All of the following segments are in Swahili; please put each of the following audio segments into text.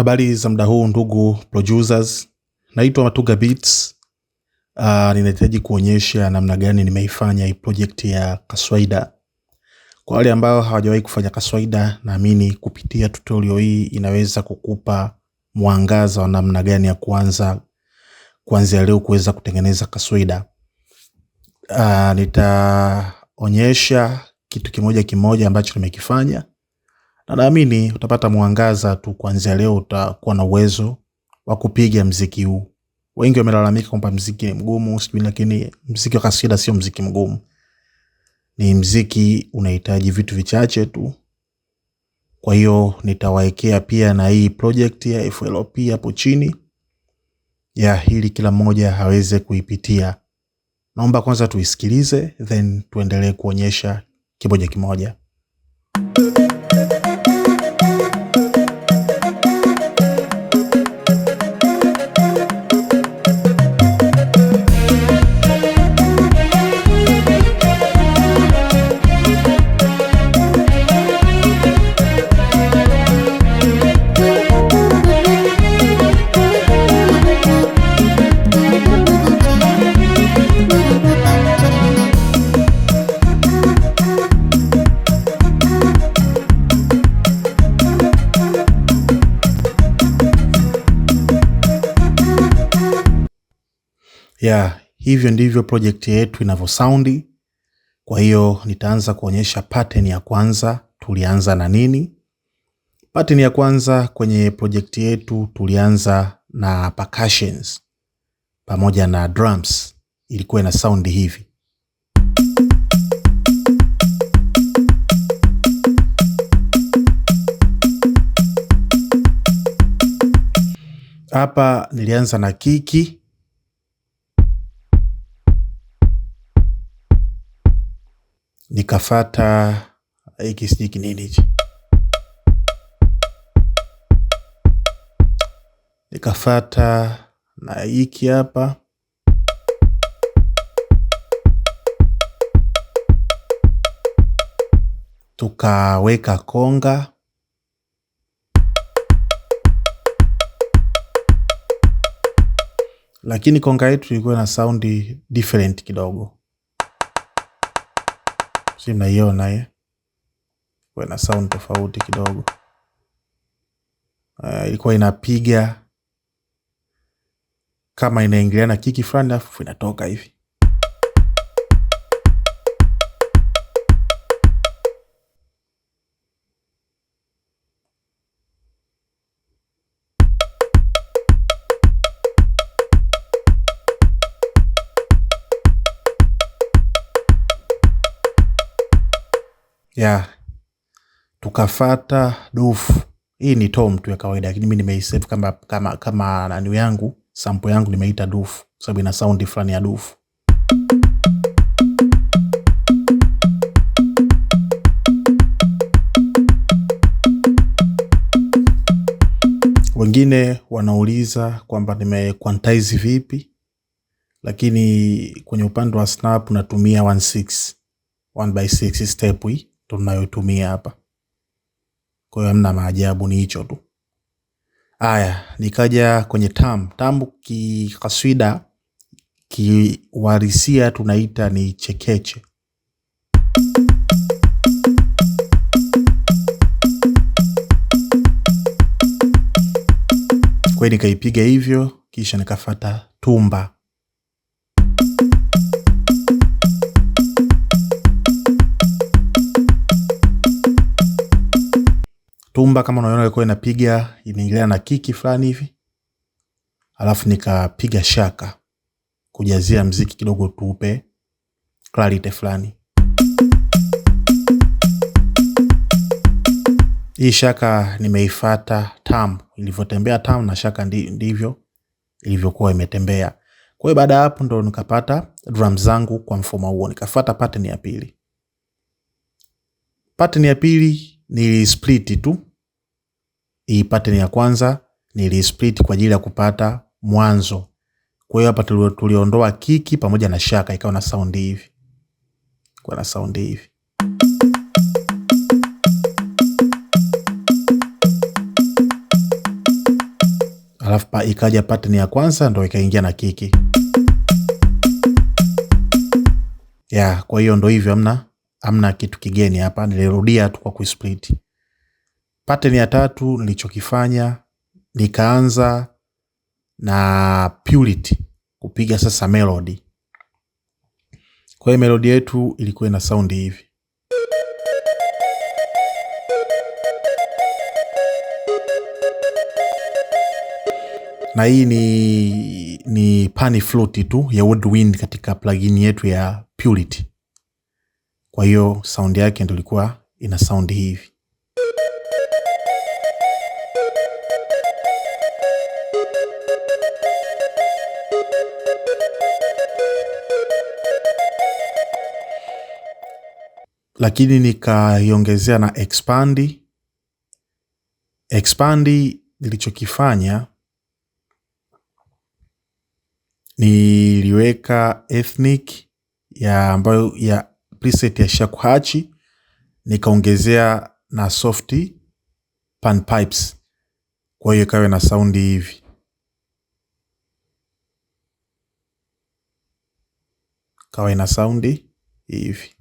Habari za muda huu ndugu producers, naitwa Matuga Beats. Uh, ninahitaji kuonyesha namna gani nimeifanya hii project ya kaswaida. Kwa wale ambao hawajawahi kufanya kaswaida, naamini kupitia tutorial hii inaweza kukupa mwangaza wa namna gani ya kuanza kuanzia leo kuweza kutengeneza kaswaida. Uh, nitaonyesha kitu kimoja kimoja ambacho nimekifanya na naamini utapata mwangaza tu. Kuanzia leo utakuwa na uwezo wa kupiga mziki huu. Wengi wamelalamika kwamba mziki ni mgumu sijui, lakini mziki wa kasida sio mziki mgumu, ni mziki unahitaji vitu vichache tu. Kwa hiyo nitawaekea pia na hii project ya FLOP hapo chini ya hili, kila mmoja aweze kuipitia. Naomba kwanza tuisikilize, then tuendelee kuonyesha kimoja kimoja. ya hivyo ndivyo project yetu inavyosaundi. Kwa hiyo nitaanza kuonyesha pattern ya kwanza, tulianza na nini. Pattern ya kwanza kwenye project yetu tulianza na percussions pamoja na drums, ilikuwa ina sound hivi. Hapa nilianza na kiki nikafata hiki sijui kinini hichi, nikafata na hiki hapa tukaweka konga lakini konga yetu ilikuwa na saundi different kidogo si mnaiona ye Kwa na sound tofauti kidogo. Uh, ilikuwa inapiga kama inaingiliana kiki fulani, alafu inatoka hivi. ya tukafata dufu. Hii ni tom tu ya kawaida, lakini mimi nimeisave kama kama kama nani yangu sample yangu nimeita dufu, sababu ina sound fulani ya dufu. Wengine wanauliza kwamba nimequantize vipi, lakini kwenye upande wa snap natumia 1 by 6 step hii tunayotumia hapa. Kwa hiyo hamna maajabu, ni hicho tu. Aya, nikaja kwenye tam tam, kikaswida kiwarisia tunaita ni chekeche. Kwa hiyo nikaipiga hivyo, kisha nikafata tumba. tumba kama unaona ilikuwa inapiga inaingiliana na kiki fulani hivi, alafu nikapiga shaka kujazia mziki kidogo, tuupe clarity fulani. Hii shaka nimeifata tam ilivyotembea tam, na shaka ndivyo ilivyokuwa imetembea. Kwa hiyo baada ya hapo ndo nikapata drum zangu kwa mfumo huo, nikafuata pattern ya pili. Pattern ya pili ni split tu hii pattern ya kwanza nilisplit kwa ajili ya kupata mwanzo. Kwa hiyo hapa tuliondoa kiki pamoja na shaka ikawa na sound hivi. Kwa na sound hivi. Alafu pa ikaja pattern ya kwanza ndo ikaingia na kiki. Ya, kwa hiyo ndo hivyo amna amna kitu kigeni hapa, nilirudia tu kwa kusplit. Pattern ya tatu nilichokifanya nikaanza na Purity kupiga sasa melody. Kwa hiyo melody yetu ilikuwa ina sound hivi. Na hii ni, ni pani flute tu ya woodwind katika plugin yetu ya Purity. Kwa hiyo sound yake ndio ilikuwa ina sound hivi. lakini nikaiongezea na expand. Expand nilichokifanya niliweka ethnic ya ambayo ya preset ya shakuhachi nikaongezea na soft pan pipes, kwa hiyo ikawe na saundi hivi. Kawa ina saundi hivi.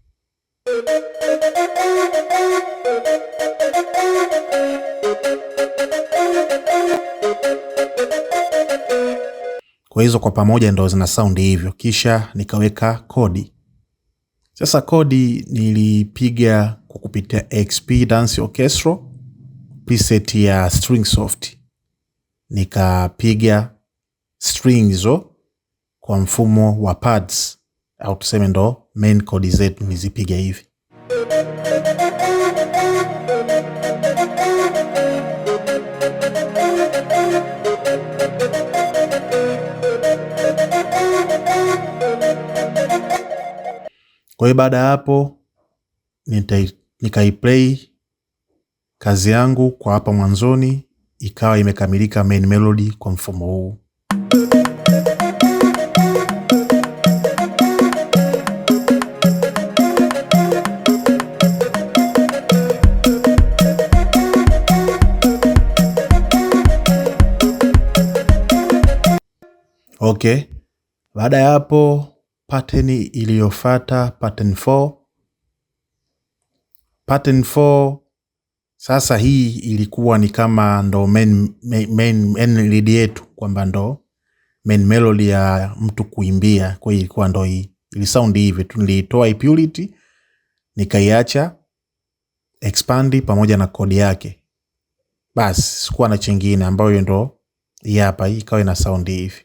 Kwa hizo kwa pamoja ndo zina sound hivyo, kisha nikaweka kodi. Sasa kodi nilipiga kwa kupitia XP Dance Orchestra preset ya soft, nikapiga string hizo kwa mfumo wa pads au tuseme ndo main kodi zetu nizipiga hivi. Kwa hiyo baada ya hapo nikaiplay kazi yangu kwa hapa mwanzoni, ikawa imekamilika main melody kwa mfumo huu. Okay, baada ya hapo pattern iliyofuata pattern 4. Pattern 4 sasa hii ilikuwa ni kama ndo main, main, main lead yetu kwamba ndo main melody ya mtu kuimbia, kwa hiyo ilikuwa ndo hii ilisound hivi tu. Niliitoa purity nikaiacha expand pamoja na kodi yake, basi sikuwa na chingine, ambayo ndo hii hapa, hii ikawa ina sound hivi.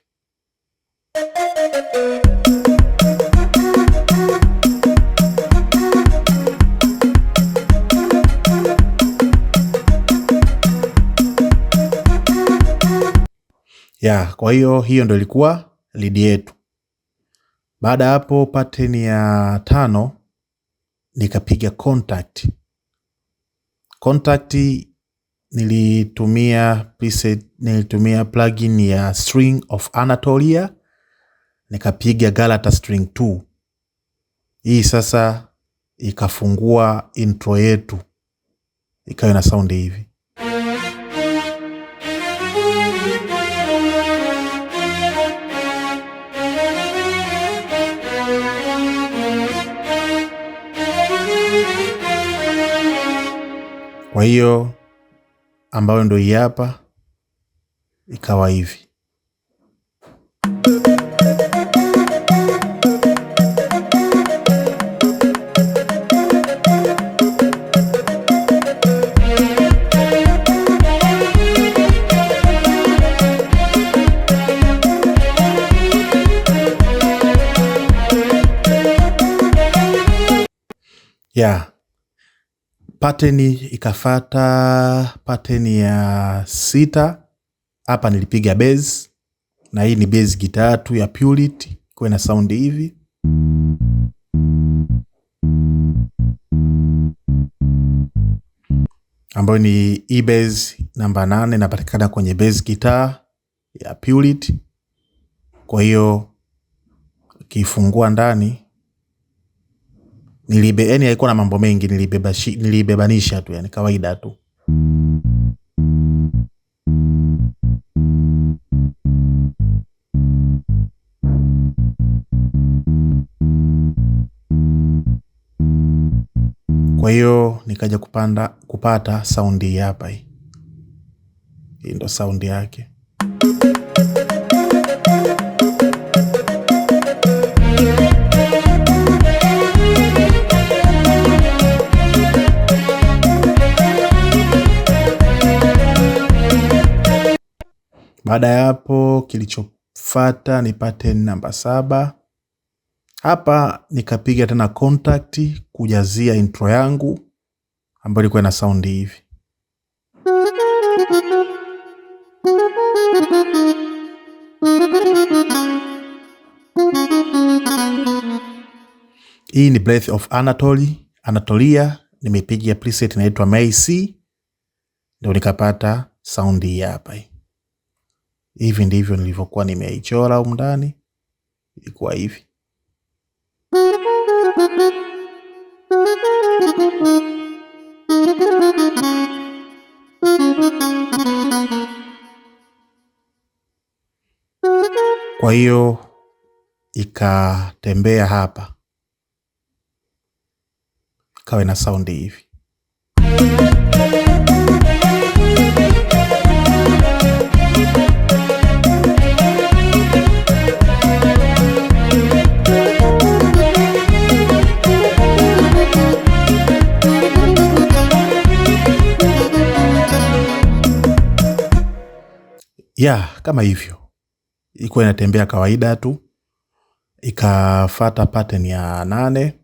ya kwa hiyo hiyo ndo ilikuwa lidi yetu. Baada ya hapo, pattern ya tano nikapiga contact. Contact nilitumia preset, nilitumia plugin ya String of Anatolia nikapiga Galata string 2. Hii sasa ikafungua intro yetu ikawa na sound hivi. hiyo ambayo ndo hapa ikawa hivi. Yeah pateni ikafata pateni ya sita. Hapa nilipiga bass na hii ni bass gitatu ya Purity, kuwe na saundi hivi ambayo ni E namba nane inapatikana kwenye bass gitar ya Purity. Kwa hiyo ukifungua ndani nilibe yani, haikuwa na mambo mengi, nilibeba nilibebanisha tu yani kawaida tu. Kwa hiyo nikaja kupanda kupata saundi hii hapa, hii ndo saundi yake. Baada ya hapo kilichofata ni pattern namba saba. Hapa nikapiga tena contact kujazia intro yangu ambayo ilikuwa na sound hivi. Hii ni Breath of Anatoly, Anatolia nimepiga preset inaitwa May ndio nikapata sound hii hapa hii hivi ndivyo nilivyokuwa nimeichora umndani ndani, ilikuwa hivi. Kwa hiyo ikatembea hapa, ikawe na saundi hivi ya kama hivyo ilikuwa inatembea kawaida tu ikafata pattern ya nane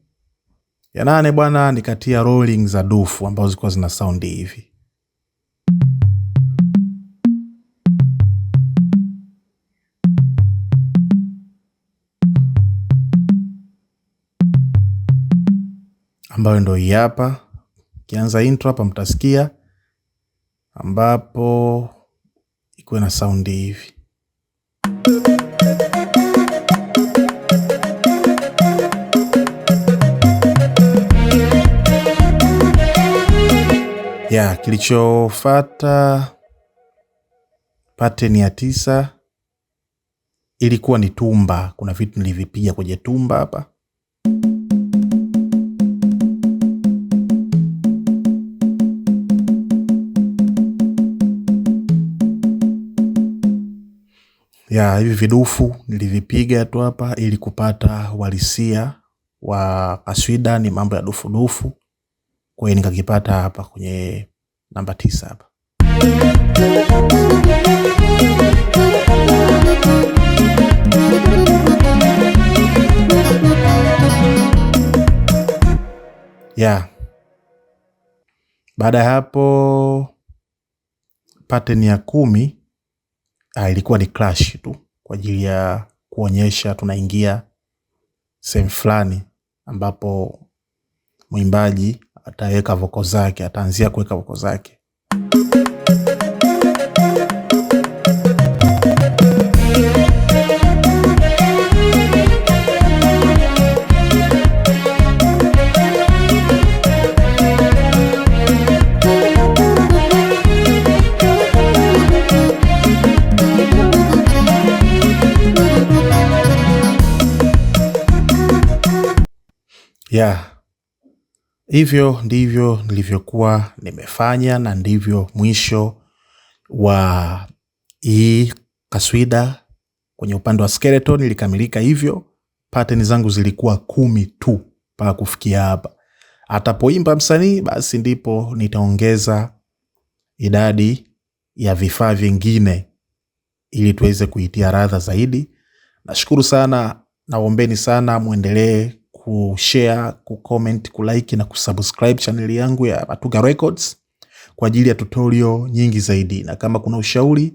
ya nane bwana nikatia rolling za dufu ambazo zilikuwa zina saundi hivi ambayo ndo hii hapa. Kianza intro hapa mtasikia ambapo ikuwe na saundi hivi. Ya, kilichofata pateni ya tisa ilikuwa ni tumba. Kuna vitu nilivipiga kwenye tumba hapa ya hivi vidufu nilivipiga tu hapa ili kupata uhalisia wa kaswida ni mambo ya dufudufu. Kwa hiyo nikakipata hapa kwenye namba tisa hapa ya. Baada ya hapo, pateni ya kumi uh, ilikuwa ni clash tu kwa ajili ya kuonyesha tunaingia sehemu fulani ambapo mwimbaji ataweka voko zake, ataanzia kuweka voko zake. Yeah. Hivyo ndivyo nilivyokuwa nimefanya na ndivyo mwisho wa hii kaswida kwenye upande wa skeleton ilikamilika hivyo. Pateni zangu zilikuwa kumi tu mpaka kufikia hapa. Atapoimba msanii, basi ndipo nitaongeza idadi ya vifaa vingine ili tuweze kuitia radha zaidi. Nashukuru sana, naombeni sana mwendelee kushare, kucomment, kulike na kusubscribe chaneli yangu ya Matuga Records kwa ajili ya tutorial nyingi zaidi, na kama kuna ushauri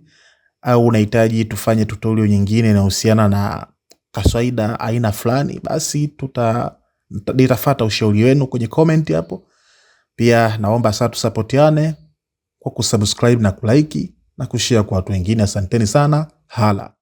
au unahitaji tufanye tutorial nyingine inahusiana na kaswaida aina fulani, basi tuta nitafuata ushauri wenu kwenye comment hapo. Pia naomba sasa tusapotiane kwa kusubscribe na kulike na kushare kwa watu wengine. Asanteni sana, hala.